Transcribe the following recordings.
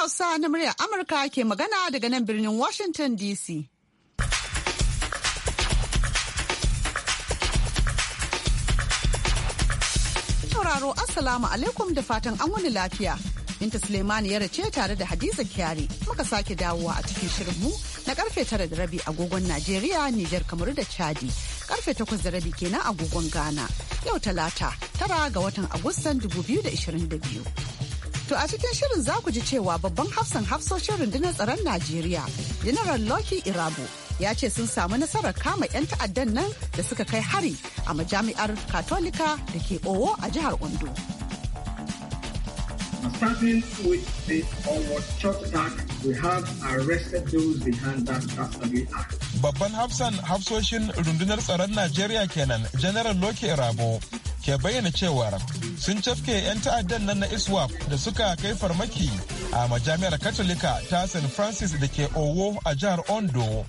Hausa na muryar Amurka ke magana daga nan birnin Washington DC. Sauraro Assalamu alaikum da fatan an wani lafiya. Binta Suleimani ya race tare da Hadiza Kyari muka sake dawowa a cikin shirinmu na karfe tara da rabi agogon Najeriya, Nijar, kamar da Chadi. Karfe takwas da rabi kenan agogon Ghana. Yau talata tara ga watan Agustan 2022. To a cikin shirin za ku ji cewa babban hafsan hafsoshin rundunar tsaron Najeriya, General Loki Irabu ya ce sun samu nasarar kama 'yan ta'addan nan da suka kai hari a majami'ar Katolika da ke Owo a jihar Ondo. Babban hafsan hafsoshin rundunar tsaron Najeriya kenan, General Loki Irabo, ke bayyana cewa sun cafke 'yan ta'addan nan na iswap da suka kai farmaki a majami'ar katolika ta st francis da ke owo a jihar ondo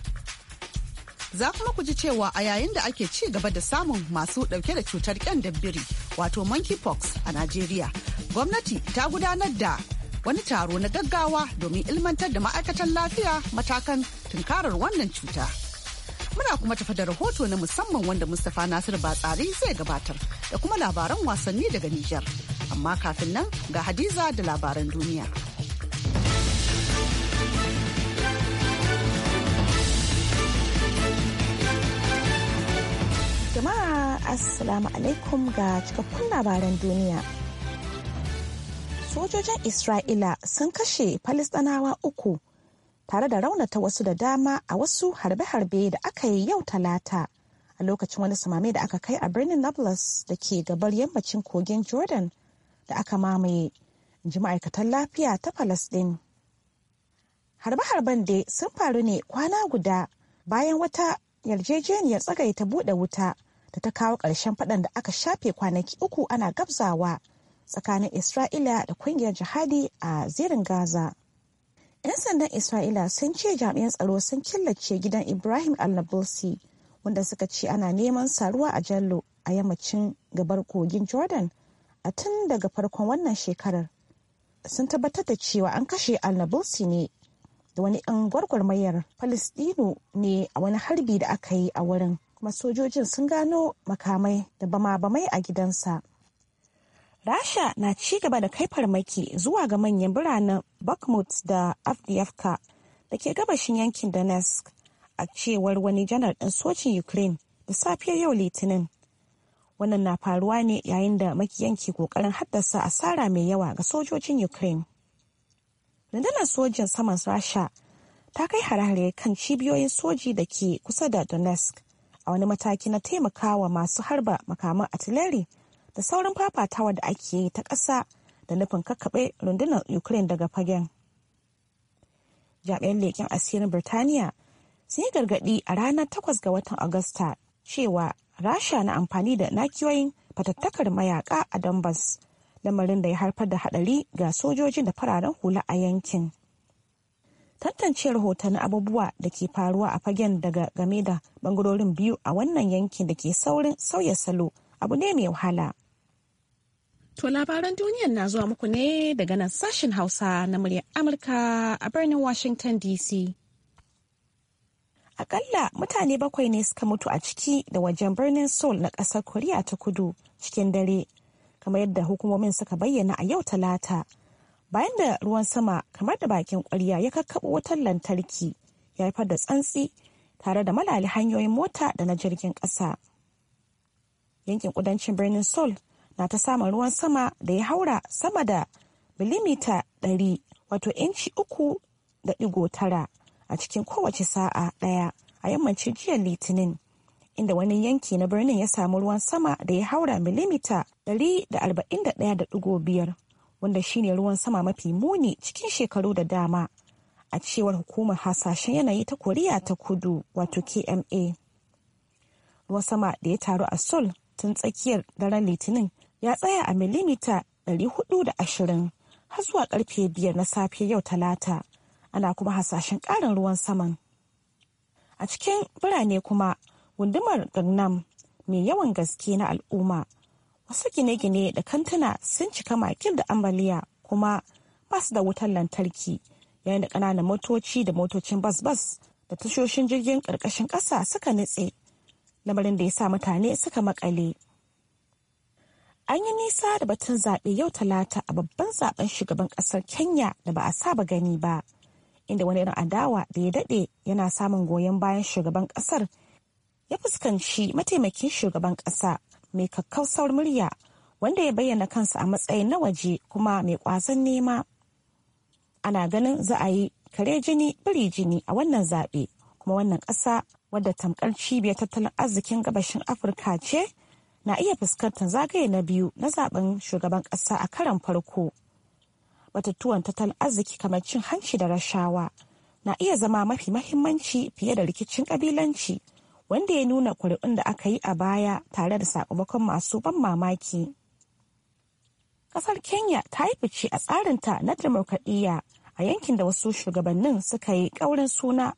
za kuma ku ji cewa a yayin da ake ci gaba da samun masu dauke da cutar kyan biri wato monkeypox a najeriya gwamnati ta gudanar da wani taro na gaggawa domin ilmantar da ma'aikatan lafiya matakan tunkarar wannan cuta. Muna kuma tafa da rahoto na musamman wanda Mustapha Nasiru tsari zai gabatar da kuma labaran wasanni daga Nijar. Amma kafin nan ga Hadiza da labaran duniya. Jama'a Assalamu alaikum ga cikakkun labaran duniya. Sojojin Isra'ila sun kashe Falistanawa uku. tare da raunata wasu da dama a wasu harbe-harbe da aka yi yau talata a lokacin wani samame da aka kai a birnin nablus da ke gabar yammacin kogin jordan da aka mamaye ji ma'aikatan lafiya ta palestine harbe-harben dai sun faru ne kwana guda bayan wata yarjejeniyar ta buɗe wuta da ta kawo ƙarshen faɗan da aka shafe kwanaki uku ana gabzawa tsakanin isra'ila da ƙungiyar jihadi a zirin gaza 'Yan sandan Isra'ila sun ce jami'an tsaro sun killace gidan Ibrahim al-Nabulsi wanda suka ce ana neman saruwa a Jallo a yammacin gabar kogin Jordan a tun daga farkon wannan shekarar. Sun tabbatar da cewa an kashe al-Nabulsi ne da wani 'yan gwargwarmayar palestino ne a wani harbi da aka yi a wurin. Kuma sojojin sun gano makamai da bama-bamai a gidansa. Rasha na ci gaba da kai farmaki zuwa ga manyan biranen Bakhmut da Avdiivka da ke gabashin yankin Donetsk a cewar wani janar ɗin sojin Ukraine da safiyar yau Litinin. Wannan na faruwa ne yayin da makiyan ke kokarin haddasa asara mai yawa ga sojojin Ukraine. Rundunar sojin saman Rasha ta kai hare kan cibiyoyin soji da ke kusa da Donetsk a wani mataki na taimakawa masu harba makaman atileri da sauran fafatawa da ake yi ta ƙasa da nufin kakkaɓe rundunar ukraine daga fagen jami'an leƙen asirin birtaniya sun yi gargaɗi a ranar 8 ga watan agusta cewa rasha na amfani da nakiyoyin fatattakar mayaka a donbass lamarin da ya harfar da haɗari ga sojojin da fararen hula a yankin tantance rahoton abubuwa da ke faruwa a fagen daga game da bangarorin biyu a wannan yankin da ke saurin sauya salo abu ne mai wahala To labaran duniyar na zuwa muku ne daga nan sashen Hausa na muryar Amurka a birnin Washington DC. Akalla mutane bakwai ne suka mutu a ciki da wajen birnin Seoul na ƙasar Koriya ta kudu cikin dare, kamar yadda hukumomin suka bayyana a yau talata. Bayan da ruwan sama kamar da bakin ƙwarya ya kakkaɓo wutar lantarki ya haifar da tsantsi tare da malali hanyoyin mota da na jirgin ƙasa. Yankin kudancin birnin Seoul na ta samun ruwan sama da ya haura sama da milimita 100 wato inci uku da digo tara a cikin kowace sa'a ɗaya a yammacin jiya litinin inda wani yanki na birnin ya samu ruwan sama da ya haura milimita 141.5 wanda shine ruwan sama mafi muni cikin shekaru da dama a cewar hukumar hasashen yanayi ta koriya ta kudu wato kma ruwan sama da ya taru a sol tun tsakiyar daren litinin ya tsaya a milimita 420 har zuwa karfe biyar na safe yau talata ana kuma hasashen ƙarin ruwan saman a cikin birane kuma gundumar gangnam mai yawan gaske na al'umma wasu gine-gine da kantuna sun cika makil da ambaliya kuma ba su da wutar lantarki yayin da ƙananan motoci da motocin bas-bas da tashoshin jirgin ƙarƙashin ƙasa suka nutse lamarin da ya sa mutane suka makale. An yi nisa da batun zaɓe yau talata a babban zaben shugaban ƙasar Kenya da ba a saba gani ba, inda wani irin adawa da ya daɗe yana samun goyon bayan shugaban ƙasar ya fuskanci mataimakin shugaban ƙasa mai kakkausar murya wanda ya bayyana kansa a matsayin na waje kuma mai ƙwazon nema. Ana ganin za a yi kare jini biri jini a wannan zaɓe kuma wannan ƙasa wadda tamkar cibiyar tattalin arzikin gabashin Afirka ce na iya fuskantar zagaye na biyu na zaben shugaban ƙasa a karan farko. Batutuwan tattalin arziki kamar cin hanci da rashawa na iya zama mafi mahimmanci fiye da rikicin ƙabilanci wanda ya nuna kuri'un da aka yi a baya tare da sakamakon masu ban mamaki. ƙasar Kenya ta yi fice a tsarinta na demokradiyya a yankin da wasu shugabannin suka yi ƙaurin suna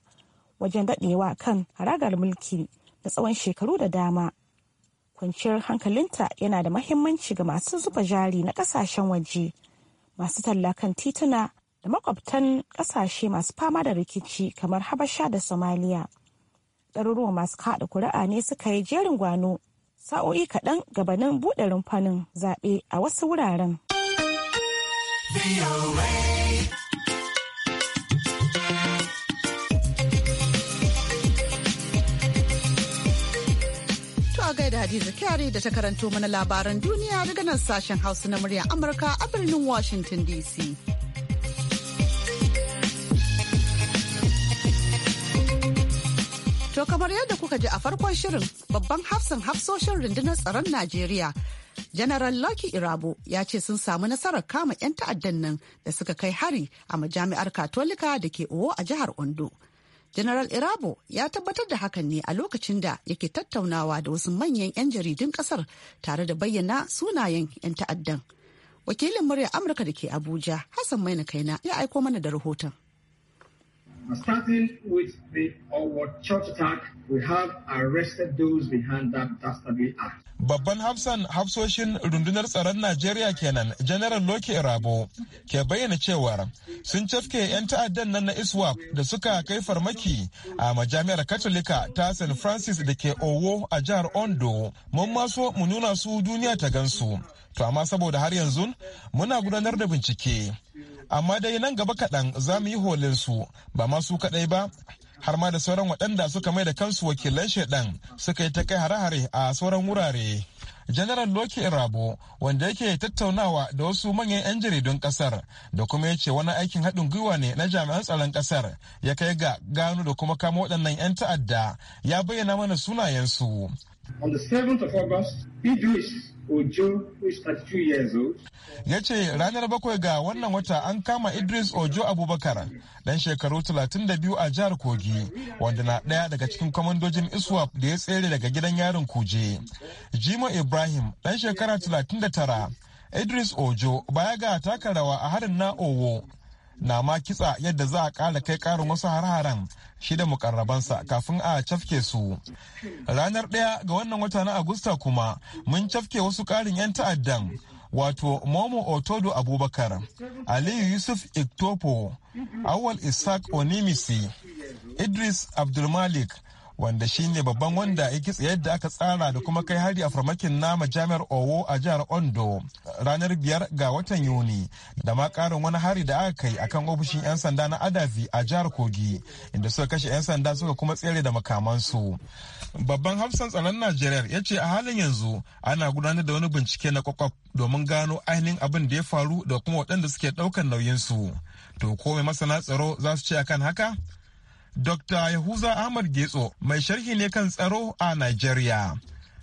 wajen daɗewa kan haragar mulki na tsawon shekaru da dama kwanciyar hankalinta yana da mahimmanci ga masu zuba jari na kasashen waje masu tallakan tituna da makwabtan kasashe masu fama da rikici kamar habasha da somaliya ɗaruruwa masu kaɗa kuri'a ne suka yi jerin gwano sa'o'i kaɗan gabanin buɗe rumfanin zaɓe a wasu wuraren. da Hadiza Kyari da ta karanto mana labaran duniya daga nan sashen Hausa na muryar Amurka a birnin Washington DC. To kamar yadda kuka ji a farkon shirin babban hafsan hafsoshin rundunar tsaron Najeriya General Lucky Irabo ya ce sun samu nasarar kama 'yan ta'addan nan da suka kai hari a majami'ar Katolika da ke Owo a jihar Ondo. General Irabo ya tabbatar da hakan ne a lokacin da yake tattaunawa da wasu manyan 'yan jaridun kasar tare da bayyana sunayen 'yan ta'addan. Wakilin murya Amurka da ke Abuja, Hassan Maina ya aiko mana da rahoton. Starting with the our church attack, we have arrested those behind that dastardly act. Babban hafsan hafsoshin rundunar tsaron Najeriya kenan, General Loke Rabo, ke bayyana cewa sun cafke 'yan ta'addan nan na ISWAP da suka kai farmaki a majami'ar Katolika ta St. Francis da ke Owo a jihar Ondo. Mun maso mu nuna su duniya ta gansu. To amma saboda har yanzu muna gudanar da bincike. amma dai nan gaba kaɗan za mu yi holinsu ba masu kaɗai ba har ma da sauran waɗanda suka mai da kansu wakilan shaidan suka yi ta kai hare-hare a sauran wurare. General Loki Rabo wanda yake tattaunawa da wasu manyan 'yan jaridun kasar da kuma ya ce wani aikin haɗin gwiwa ne na jami'an tsaron kasar ya kai ga gano da kuma kama waɗannan 'yan ta'adda ya bayyana mana sunayensu. On the 7th Ya ce ranar bakwai ga wannan wata an kama Idris Ojo Abubakar dan shekaru 32 a jihar Kogi wanda na ɗaya daga cikin kwamandojin ISWAP da ya tsere daga gidan yarin Kuje. Jimo Ibrahim dan shekara 39 Idris Ojo baya ga taka rawa a harin na Owo na ma kitsa yadda za a ƙara kai ƙarin wasu har-haren shida mukarrabansa kafin a cafke su. Ranar ɗaya ga wannan wata na Agusta kuma mun cafke wasu ƙarin 'yan ta'addan wato Momo Otodo Abubakar, Aliyu Yusuf Iktopo, Awal Isaac Onimisi, Idris Abdulmalik wanda shine babban wanda ya kitse yadda aka tsara da kuma kai hari a farmakin nama jami'ar owo a jihar ondo ranar biyar ga watan yuni da ma karin wani hari da aka kai akan ofishin 'yan sanda na adafi a jihar kogi inda suka kashe 'yan sanda suka kuma tsere da makamansu babban hafsan tsaron najeriya ya ce a halin yanzu ana gudanar da wani bincike na kwakwaf domin gano ainihin abin da ya faru da kuma waɗanda suke ɗaukar nauyinsu to ko mai masana tsaro za su ce akan haka Dr. Yahuza Ahmad Getso mai sharhi ne kan tsaro a Najeriya.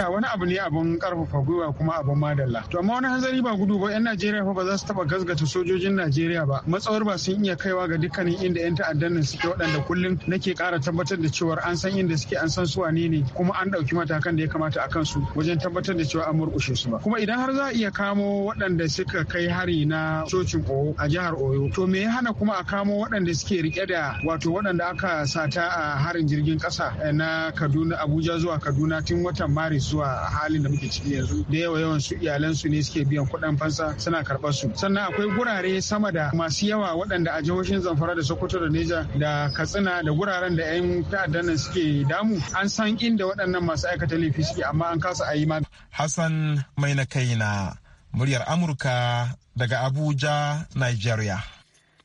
wani abu ne abin karfafa gwiwa kuma abin madalla to amma wani hanzari ba gudu ba yan najeriya ba za su taba gasgata sojojin najeriya ba matsawar ba sun iya kaiwa ga dukkanin inda yan ta'addan nan suke waɗanda kullum nake ƙara tabbatar da cewa an san inda suke an san su wane ne kuma an ɗauki matakan da ya kamata a kansu wajen tabbatar da cewa an murƙushe su ba kuma idan har za a iya kamo waɗanda suka kai hari na cocin oyo a jihar oyo to me ya hana kuma a kamo waɗanda suke rike da wato waɗanda aka sata a harin jirgin ƙasa eh, na kaduna abuja zuwa kaduna tun watan maris zuwa halin da muke ciki yanzu da yawa yawan su iyalan su ne suke biyan kuɗin fansa suna karɓar su sannan akwai gurare sama da masu yawa waɗanda a jihohin zamfara da sokoto da neja da katsina da guraren da 'yan ta'addan nan suke damu an san inda waɗannan masu aikata laifi suke amma an kasa a yi ma. hassan mai na kaina muryar amurka daga abuja nigeria.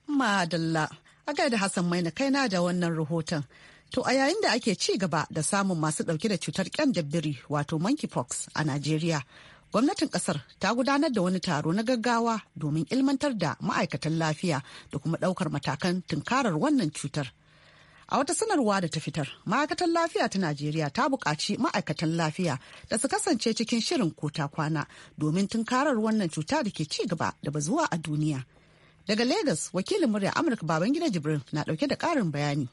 madalla a da hassan mai na kaina da wannan rahoton To a yayin da ake ci gaba da samun masu ɗauke da cutar biri wato monkeypox a Najeriya, gwamnatin ƙasar ta gudanar da wani taro na gaggawa domin ilmantar da ma'aikatan lafiya da kuma ɗaukar matakan tunkarar wannan cutar. A wata sanarwa da ta fitar, ma'aikatan lafiya ta Najeriya ta buƙaci ma'aikatan lafiya da su kasance cikin shirin kota kwana domin tunkarar wannan cuta da ke ci gaba da bazuwa a duniya. Daga Legas, wakilin murya Amurka Babangida Jibril na ɗauke da ƙarin bayani.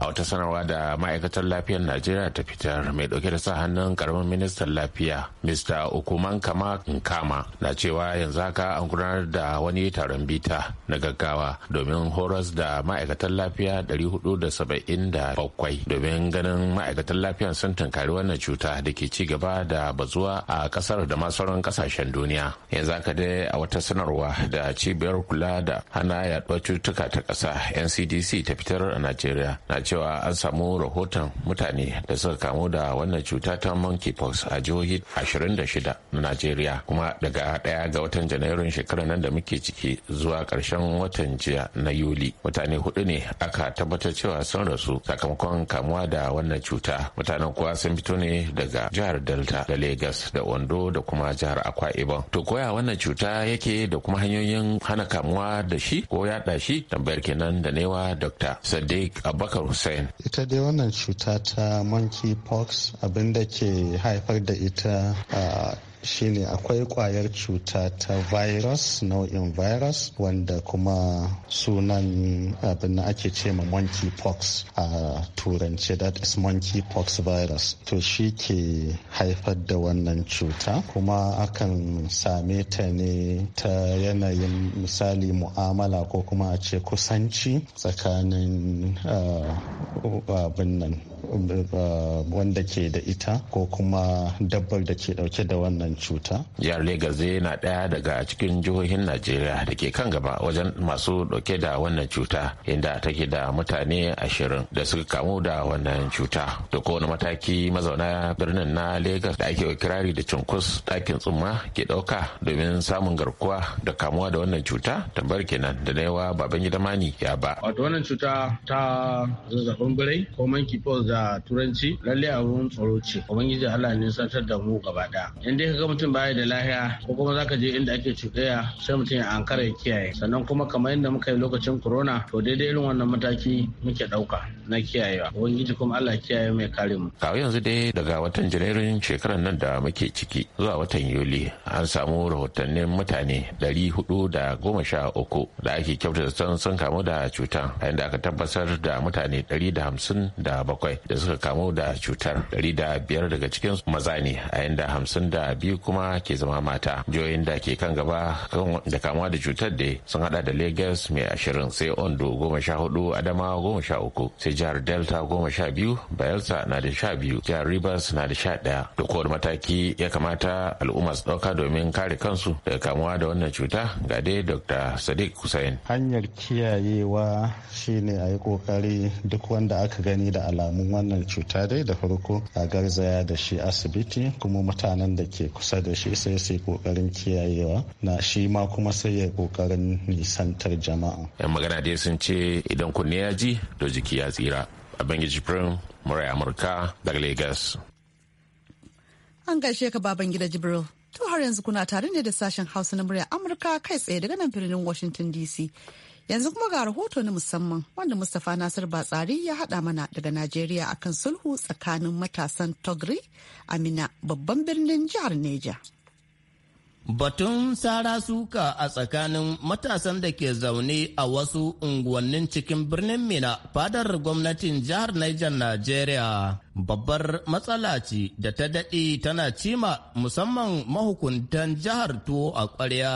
a wata sanarwa da ma'aikatar lafiyar najeriya ta fitar mai dauke da sa hannun karamin ministan lafiya mr okuman kama nkama na cewa yanzu haka an gudanar da wani taron bita na gaggawa domin horas da ma'aikatan lafiya 477 domin ganin ma'aikatar lafiyar sun tunkari wannan cuta da ke ci gaba da bazuwa a kasar da ma kasashen duniya yanzu haka dai a wata sanarwa da cibiyar kula da hana yaduwar cutuka ta kasa ncdc ta fitar a najeriya na cewa an samu rahoton mutane da suka kamu da wannan cuta ta monkeypox a jihohi 26 na najeriya kuma daga daya ga watan janairun shekarar nan da muke ciki zuwa karshen watan jiya na yuli mutane hudu ne aka tabbatar cewa sun rasu sakamakon kamuwa da wannan cuta mutanen kuwa sun fito ne daga jihar delta da Legas da ondo da kuma jihar akwa ibom to koya wannan cuta yake da kuma hanyoyin hana kamuwa da shi ko yada shi tambayar kenan da newa dr sadiq abubakar abubakar hussein ita dai wannan cuta ta monkeypox abin da ke haifar da ita ah, shine akwai kwayar cuta ta virus nau'in virus wanda kuma sunan abin da ake ce ma monkeypox a turance that is monkeypox virus to shi ke haifar da wannan cuta kuma akan same ta ne ta yanayin misali mu'amala ko kuma a ce kusanci tsakanin uh, abin nan Um, wanda ke da ita ko kuma dabbar da ke dauke da wannan cuta. Jihar Legas na ɗaya daga cikin jihohin Najeriya da ke kan gaba wajen masu dauke da wannan cuta inda take da mutane ashirin da suka kamu da wannan cuta. Da kowane mataki mazauna birnin na Legas da ake kirari da cunkus ɗakin tsumma ke ɗauka domin samun garkuwa da kamuwa da wannan cuta tambar kenan da na yawa baban gidamani mani ya ba. Wato wannan cuta ta zazzabin birai ko monkeypox da turanci lalle a wurin tsaro ce ubangiji Allah ne satar da mu gaba daya in dai kaga mutum baya da lahiya ko kuma zaka je inda ake cikaya sai mutum ya ankara ya kiyaye sannan kuma kamar inda muka yi lokacin corona to daidai irin wannan mataki muke ɗauka na kiyayewa ubangiji kuma Allah kiyaye mai kare mu kawo yanzu dai daga watan janairun shekarar nan da muke ciki zuwa watan yuli an samu rahotannin mutane 413 da goma sha da ake kyautata sun kamu da cuta a inda aka tabbatar da mutane da da bakwai. da suka kamu da cutar ɗari da biyar daga cikin maza ne a yanda hamsin da biyu kuma ke zama mata jihohin da ke kan gaba da kamuwa da cutar da sun hada da lagos mai ashirin sai ondo goma sha hudu adamawa goma sha uku sai jihar delta goma sha biyu bayelsa na da sha biyu jihar rivers na da sha daya da kowane mataki ya kamata al'umma su dauka domin kare kansu daga kamuwa da wannan cuta ga dai dr sadiq hussein hanyar kiyayewa shine a yi kokari duk wanda aka gani da alamu wannan cuta dai da farko a garzaya da shi asibiti kuma mutanen da ke kusa da shi sai su kokarin kiyayewa na shi ma kuma sai ya kokarin nisantar jama'a yan magana dai sun ce idan kunne ya ji to jiki ya tsira abangiji prim murai amurka daga lagos an gaishe ka baban gida jibril to har yanzu kuna tare ne da sashen hausa na murya amurka kai tsaye daga nan birnin washington dc Yanzu kuma ga rahoto na musamman wanda Mustapha Nasir Batsari ya haɗa mana daga Najeriya akan sulhu tsakanin matasan Togri Amina babban birnin jihar Neja. Batun Sara Suka a tsakanin matasan da ke zaune a wasu unguwannin cikin birnin Mina fadar gwamnatin jihar Niger Najeriya babbar matsala ce da ta daɗe tana cima musamman mahukuntan jihar Tuwo a ƙwarya.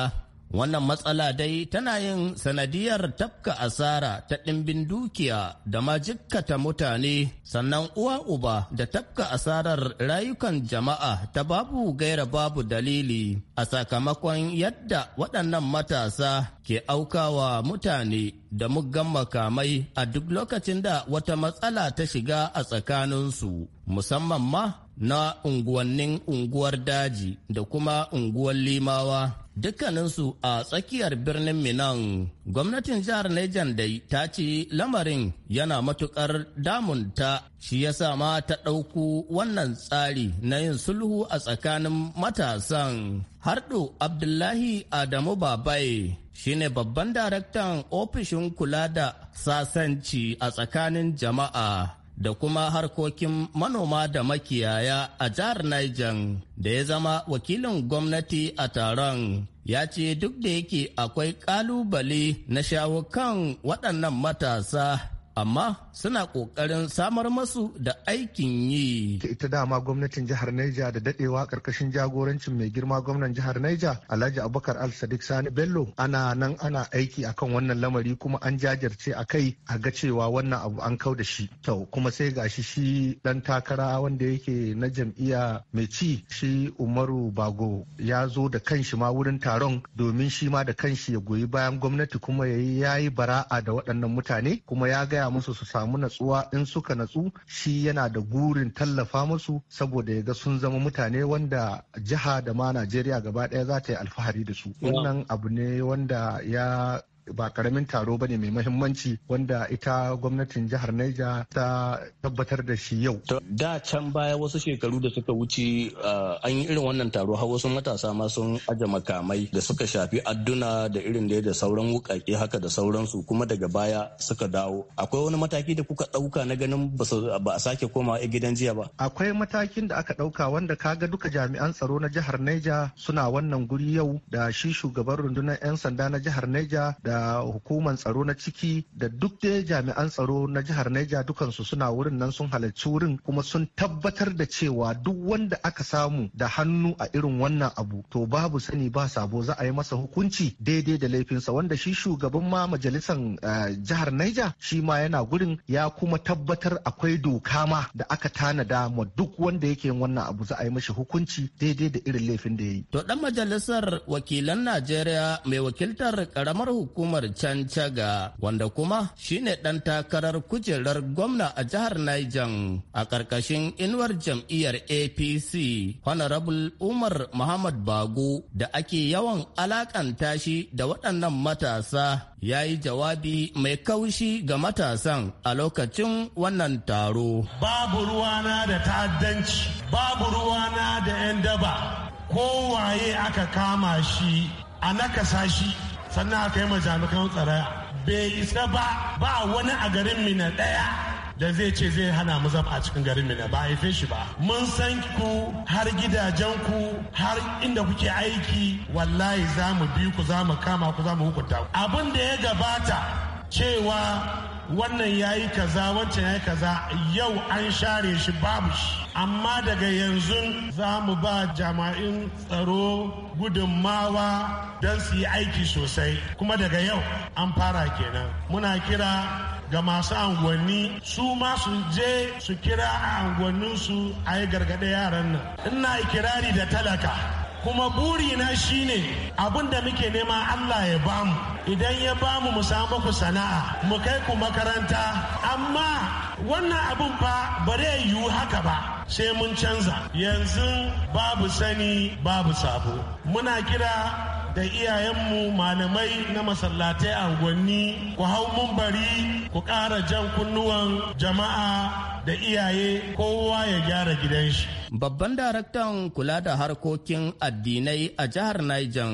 Wannan matsala dai tana yin sanadiyar tafka asara ta ɗimbin dukiya da ma jikkata mutane sannan uwa uba da tafka asarar rayukan jama'a ta babu gaira babu dalili a sakamakon yadda waɗannan matasa ke aukawa mutane da muggan makamai a duk lokacin da wata matsala ta shiga a tsakaninsu musamman ma na unguwannin unguwar daji da kuma unguwar limawa dukkaninsu a tsakiyar birnin minan gwamnatin jihar Niger dai ta ce lamarin yana matukar ta. shi yasa ma ta ɗauku wannan tsari na yin sulhu a tsakanin matasan hardo abdullahi adamu babaye shine babban daraktan ofishin kula da sasanci a tsakanin jama'a da kuma harkokin manoma da makiyaya a jihar Niger da ya zama wakilin gwamnati a taron ya ce duk da yake akwai ƙalubale na shawo kan waɗannan matasa amma suna ƙoƙarin samar masu da aikin yi. Ita dama gwamnatin jihar Neja da dadewa karkashin jagorancin mai girma gwamnan jihar Naija, Alhaji Abubakar Al Sadiq Sani Bello ana nan ana aiki akan wannan lamari kuma an jajirce a kai a ga cewa wannan abu an kau da shi. Kyau kuma sai gashi shi dan takara wanda yake na jam'iyya mai ci shi Umaru Bago ya zo da kanshi ma wurin taron domin shi ma da kanshi ya goyi bayan gwamnati kuma yayi yi bara'a da waɗannan mutane kuma ya gaya gaya musu su samu natsuwa in suka natsu shi yana da gurin tallafa musu saboda ya ga sun zama mutane wanda jiha da ma Najeriya gaba ɗaya za ta yi alfahari da su. Wannan abu ne wanda ya ba karamin taro bane mai mahimmanci wanda ita gwamnatin jihar Niger ta tabbatar da shi yau. Da can baya wasu shekaru da suka wuce ah, an yi irin wannan taro har wasu matasa ma sun aje makamai da suka shafi adduna da irin da da sauran wukake haka da sauransu kuma daga baya suka dawo. Akwai wani mataki da kuka ɗauka na ganin ba a sake komawa gidan jiya ba. Akwai matakin da aka ɗauka wanda kaga duka jami'an tsaro na jihar Niger suna wannan guri yau da shi shugaban rundunar 'yan sanda na jihar Niger da da hukumar tsaro na ciki da duk dai jami'an tsaro na jihar Neja dukansu suna wurin nan sun halarci wurin kuma sun tabbatar da cewa duk wanda aka samu da hannu a irin wannan abu to babu sani ba sabo za a yi masa hukunci daidai da laifinsa wanda shi shugaban ma majalisar eh, jihar Neja shi ma yana gurin ya kuma tabbatar akwai doka ma da aka tanada ma duk wanda yake wannan abu za a yi mashi hukunci daidai da irin laifin da ya yi. To dan majalisar wakilan Najeriya mai wakiltar karamar hukumar hukumar Cancaga wanda kuma shine ɗan takarar kujerar gwamna a jihar Niger a ƙarƙashin inuwar jam'iyyar APC Honorable Umar Muhammad Bago da ake yawan alakanta shi da waɗannan matasa ya yi jawabi mai kaushi ga matasan a lokacin wannan taro. Babu ruwana da ta'addanci, babu ruwana da 'yan daba, kowaye aka kama shi a nakasa shi sannan a yi jami'an tsaraya bai isa ba ba wani a garin mina ɗaya da zai ce zai hana mu zama a cikin garin mina ba haife shi ba mun san ku har gidajen ku har inda kuke aiki wallahi za mu bi ku za mu kama ku za mu hukunta ku abin da ya gabata cewa wannan ya yi kaza wancan ya yi kaza yau an share shi babu shi amma daga yanzu za mu ba jama'in tsaro gudunmawa don su yi aiki sosai kuma daga yau an fara kenan muna kira ga masu unguwanni. su ma su je su kira a angonninsu a yi gargaɗe yaran nan ina ikirari da talaka kuma buri burina shine abin da muke nema Allah ya bamu idan ya bamu mu samu ku sana'a mu kai ku makaranta amma wannan abin fa ba zai yiwu haka ba sai mun canza yanzu babu sani babu sabo muna kira da iyayenmu malamai na masallatai angwanni ku hau mun bari ku ƙara jan kunnuwan jama'a da iyaye kowa ya gyara gidan shi Babban daraktan kula da harkokin addinai a jihar Niger,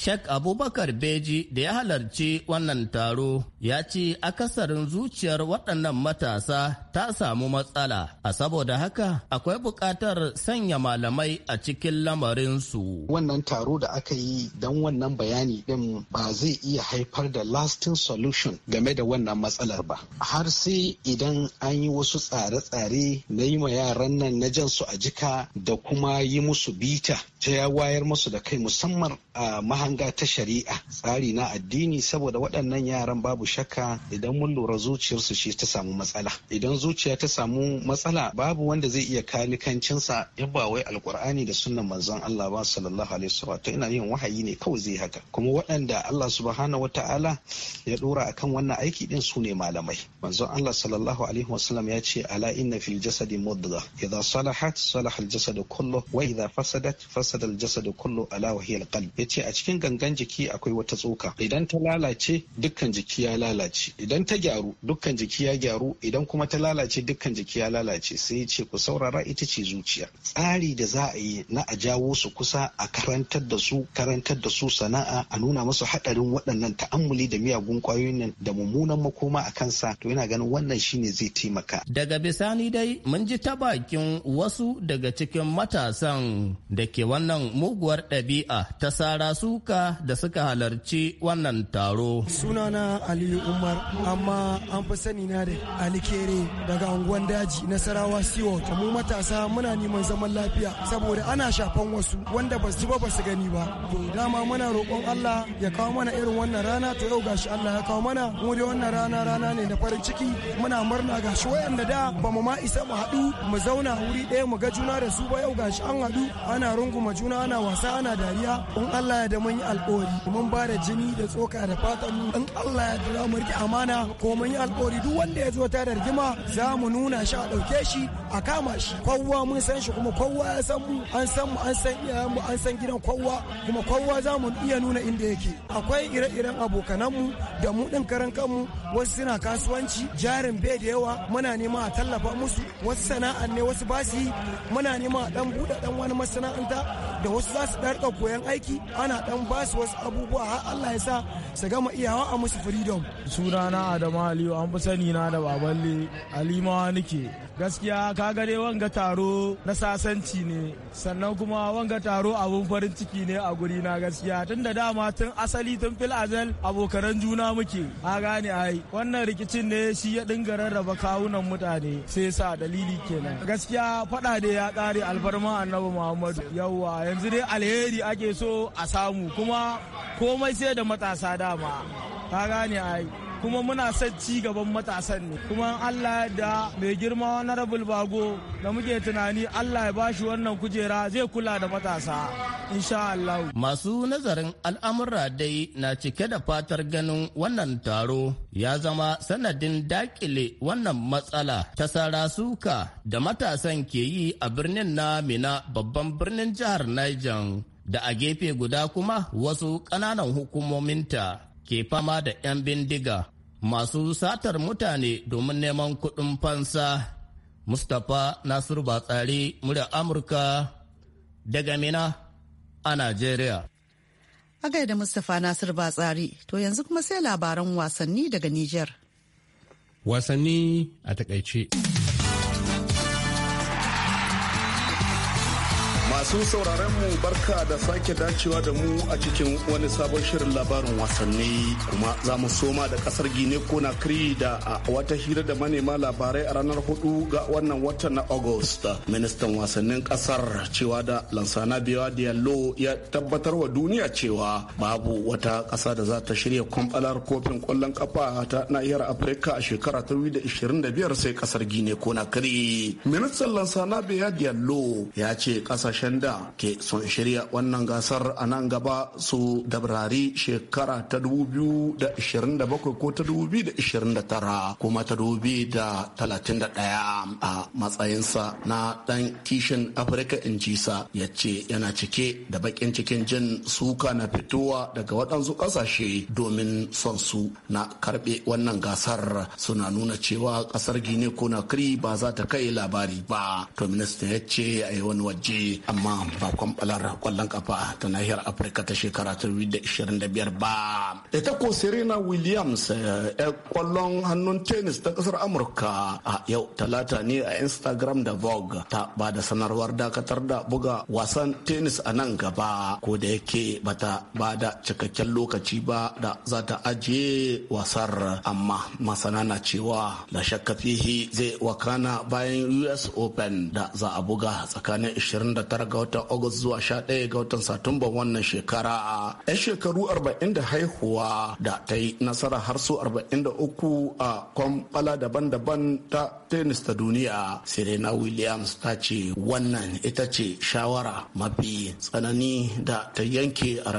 Sheikh Abubakar Beji da ya halarci wannan taro ya ce akasarin zuciyar waɗannan matasa ta samu matsala, a saboda haka akwai buƙatar sanya malamai a cikin lamarinsu. Wannan taro da aka yi don wannan bayani ɗin ba zai iya haifar da lasting solution game da wannan matsalar ba. Har sai idan an yi wasu tsare-tsare na yi ma yaran nan na jan su a jika da kuma yi musu bita ta ya wayar musu da kai musamman a mahanga ta shari'a tsari na addini saboda waɗannan yaran babu shakka idan mun lura zuciyarsu ce ta samu matsala idan zuciya ta samu matsala babu wanda zai iya kani kancinsa in ba wai alkur'ani da sunnan manzon Allah ba sallallahu alaihi wasallam to ina yin wahayi ne kawai zai haka kuma waɗanda Allah subhanahu wataala ya dora akan wannan aiki din su ne malamai manzon Allah sallallahu alaihi wasallam ya ce ala inna fil jasadi mudghah idza salahat salaha al jasad kullu wa idza fasadat fasada al jasad kullu ala wa hiya al qalb ce a cikin gangan jiki akwai wata tsoka idan ta lalace dukkan jiki ya lalace idan ta gyaru dukkan jiki ya gyaru idan kuma ta lalace dukkan jiki ya lalace sai ya ce ku saurara ita ce zuciya tsari da za a yi na a jawo su kusa a karantar da su karantar da su sana'a a nuna musu hadarin waɗannan ta'ammuli da miyagun ƙwayoyin nan da mummunan makoma a kansa to yana ganin wannan shi ne zai taimaka daga bisani dai mun ji ta bakin wasu daga cikin matasan da ke wannan muguwar ɗabi'a ta sa sara suka da suka halarci wannan taro. Sunana Aliyu Umar, amma an fi sani na da Alikere daga unguwan daji Nasarawa Siwot. Mu matasa muna neman zaman lafiya saboda ana shafan wasu wanda ba su ba ba su gani ba. To dama muna roƙon Allah ya kawo mana irin wannan rana to yau gashi Allah ya kawo mana mu da wannan rana rana ne na farin ciki muna murna gashi wayanda da ba mu ma isa mu haɗu mu zauna wuri ɗaya mu ga juna da su ba yau gashi an haɗu ana runguma juna ana wasa ana dariya Allah da mun yi alƙawari mun ba da jini da tsoka da fatan mu in Allah ya dora mu rike amana ko mun yi alƙawari duk wanda ya zo ta da rigima za mu nuna shi a ɗauke shi a kama shi kowa mun san shi kuma kowa ya san mu an san mu an san iyayen mu an san gidan kowa kuma kowa za mu iya nuna inda yake akwai ire-iren abokanan mu da mu din karan kanmu wasu suna kasuwanci jarin bai da yawa muna nema a tallafa musu wasu sana'a ne wasu basi muna nema a dan buɗe dan wani masana'anta da wasu za su ɗarka koyan aiki ana dan basu wasu abubuwa har Allah ya sa su gama iyawa a musu freedom sunana Adamu Aliyu an fi sani na da baballe Alima nake gaskiya ka gane wanga taro na sasanci ne sannan kuma wanga taro abun farin ciki ne a guri na gaskiya tun da dama tun asali tun fil azal abokanan juna muke a gane ai wannan rikicin ne shi ya dinga rarraba kawunan mutane sai sa dalili kenan gaskiya fada da ya kare alfarma annabi muhammadu yawwa yanzu dai alheri ake so a samu kuma komai sai da matasa dama ka gane ai kuma muna son ci gaban matasan ne kuma Allah da mai girma rabul bago da muke tunani Allah ya bashi wannan kujera zai kula da matasa insha Allah masu nazarin al'amura dai na cike da fatar ganin wannan taro ya zama sanadin dakile wannan matsala ta sarasuka da matasan ke yi a birnin na Mina babban birnin jihar Niger da a gefe guda kuma wasu ƙananan hukumominta ke fama da 'yan bindiga masu satar mutane domin neman kuɗin fansa. Mustapha Nasiru Batsari, murya Amurka daga Mina a Najeriya. A gaida Mustapha Nasiru Batsari, to yanzu kuma sai labaran wasanni daga Niger. Wasanni a takaice. Masu sauraron mu barka da sake dacewa da mu a cikin wani sabon shirin labarin wasanni kuma za mu soma da kasar Gine Conakry da a wata hira da manema labarai a ranar hudu ga wannan watan na August. Ministan wasannin kasar cewa da Lansana Bewa Diallo ya tabbatar wa duniya cewa babu wata kasa da za ta shirya kwamfalar kofin kwallon kafa ta nahiyar Afirka a shekara ta 2025 sai kasar Gine Conakry. Ministan Lansana Bewa Diallo ya ce kasashen wanda ke son shirya wannan gasar a nan gaba su dabrari shekara ta 2027 ko ta 2029 kuma ta 2031 a matsayinsa na ɗan kishin afirka in jisa ya ce yana cike da baƙin cikin jin suka na fitowa daga waɗansu ƙasashe domin son su na karɓe wannan gasar suna nuna cewa ƙasar gine kri ba za ta kai labari ba to minista ya ce a yi wani waje amma kuma bakon balar kwallon kafa ta nahiyar afirka ta shekara ta 2025 ba ita ko serena williams ya eh, eh, kwallon hannun tennis ta kasar amurka a yau talata ne a instagram da vogue ta ba da sanarwar dakatar da buga wasan tennis a nan gaba ko da yake bata ba da cikakken lokaci ba da za ta ajiye wasar amma masana na cewa da shakka fihi zai wakana bayan us open da za a buga tsakanin 29 ga watan Agusta zuwa 11 ga watan Satumba wannan shekara. 'Yan shekaru 40 da haihuwa da ta yi nasara har su uku a kwamfala daban-daban ta tennis ta duniya. Serena Williams ta ce wannan ita ce shawara mafi tsanani da ta yanke a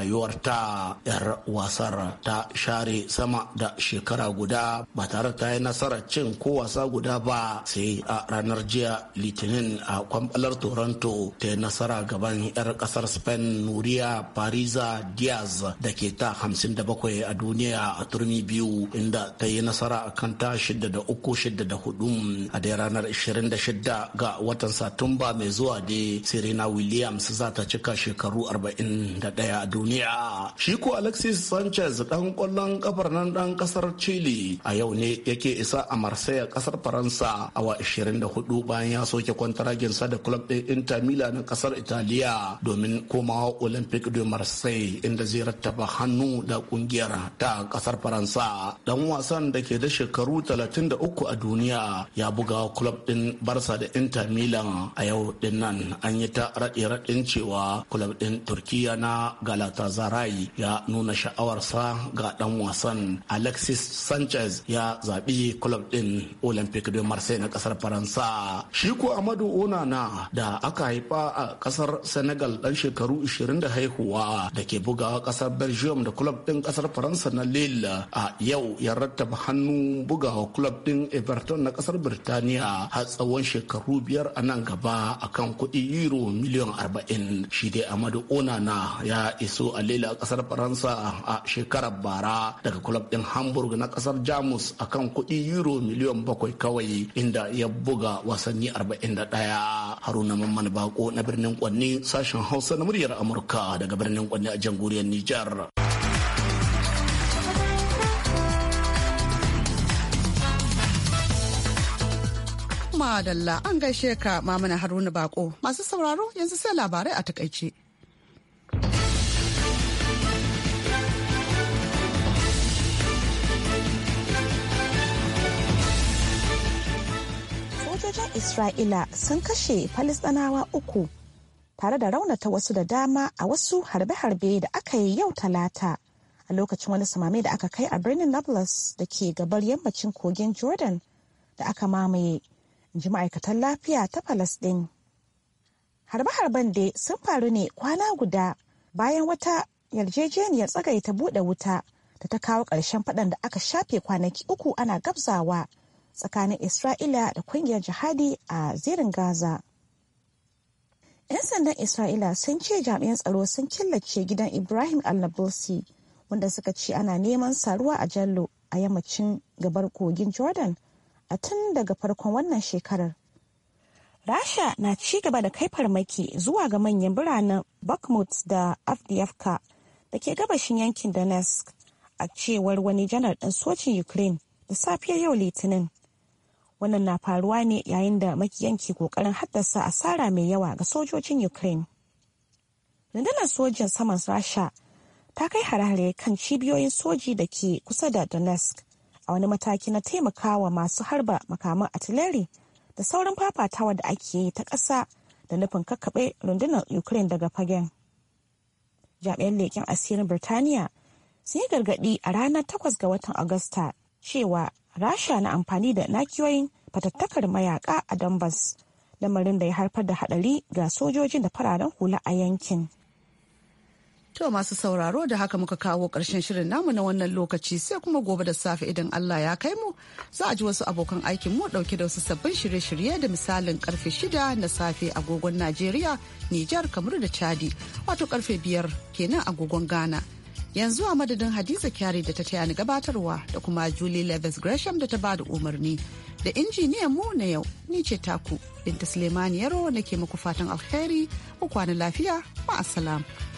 ta 'yar wasar ta share sama da shekara guda ba tare ta yi nasarar cin ko wasa guda ba sai a ranar jiya litinin a kwamfalar toronto ta yi nasara nasara gaban 'yar kasar spain nuria pariza diaz da ke ta 57 a duniya a turmi biyu inda ta yi nasara a kan ta 6 3 da 4 a dai ranar 26 ga watan satumba mai zuwa da serena williams za ta cika shekaru 41 a duniya shi ko alexis sanchez dan kwallon kafar nan dan kasar chile a yau ne yake isa a marseille kasar faransa awa 24 bayan ya soke kwantaragensa da club ɗin inter milan na kasar kasar Italiya domin komawa Olympic de Marseille inda zai rattaba hannu da kungiyar ta kasar Faransa. Dan wasan da ke da shekaru 33 a duniya ya buga club din barsa da Inter Milan a yau din nan an yi ta raɗe raɗin cewa club din Turkiyya na Galatasaray ya nuna sha'awarsa ga dan wasan Alexis Sanchez ya zaɓi club din Olympic de Marseille na kasar Faransa. Shi ko Amadu Onana da aka haifa a kasar Senegal dan shekaru 20 da haihuwa da ke bugawa kasar Belgium da kulab din kasar Faransa na Lille a yau ya rattaba hannu bugawa kulob din Everton na kasar Birtaniya har tsawon shekaru biyar a nan gaba akan kuɗi euro miliyan 40 shi dai Amadu Onana ya iso a Lille a kasar Faransa a shekarar bara daga kulob din Hamburg na kasar Jamus akan kuɗi euro miliyan bakwai kawai inda ya buga wasanni 41 Haruna Mamman Bako na birnin birnin Kwanni sashen Hausa na muryar Amurka daga birnin Kwanni a jamhuriyar Nijar. Madalla an gaishe ka Mamana Haruna Bako masu sauraro yanzu sai labarai a takaice. sojojin Isra'ila sun kashe Falistanawa uku tare da raunata wasu da dama a wasu harbe-harbe da aka yi yau talata a lokacin wani samame da aka kai a birnin nablus da ke gabar yammacin kogin jordan da aka mamaye ji ma'aikatan lafiya ta palestine harbe-harben dai sun faru ne kwana guda bayan wata yarjejeniyar ta buɗe wuta da ta kawo ƙarshen faɗan da aka shafe kwanaki uku ana gabzawa tsakanin isra'ila da ƙungiyar jihadi a zirin gaza 'Yan sandan Isra'ila sun ce jami'an tsaro sun killace gidan Ibrahim Al-Nabulsi wanda suka ce ana neman saruwa a Jallo a yammacin gabar kogin Jordan a tun daga farkon wannan shekarar. Rasha na ci gaba da kai farmaki zuwa ga manyan biranen Bakhmut da Avdiivka da ke gabashin yankin Donetsk a cewar wani janar ɗin sojin Ukraine da safiyar yau Litinin. wannan na faruwa ne yayin da makiyan ke kokarin haddasa asara mai yawa ga sojojin ukraine rundunar sojin saman rasha ta kai harare kan cibiyoyin soji da ke kusa da donetsk a wani mataki na taimakawa masu harba makaman atileri da saurin fafatawa da ake yi ta ƙasa da nufin kakkaɓe rundunar ukraine daga fagen jami'an leƙen asirin birtaniya sun yi gargaɗi a ranar 8 ga watan agusta cewa rasha na amfani da nakiyoyin fatattakar mayaka a dambas lamarin da ya haifar da hadari ga sojojin da fararen hula a yankin To masu sauraro da haka muka kawo ƙarshen shirin namu na wannan lokaci sai kuma gobe da safe idan Allah ya kai mu za a ji wasu abokan aikin mu ɗauke da wasu sabbin shirye-shirye da misalin karfe shida na safe agogon Najeriya, Nijar, Kamaru da Chadi wato karfe biyar kenan agogon Ghana. yanzu a madadin hadiza kyari da ta taya ni gabatarwa da kuma julie levis gresham da ta ba da umarni da injiniyan mu na yau ni ce taku binta sulemani yaro nake muku fatan alheri ku kwana lafiya ma'asalam.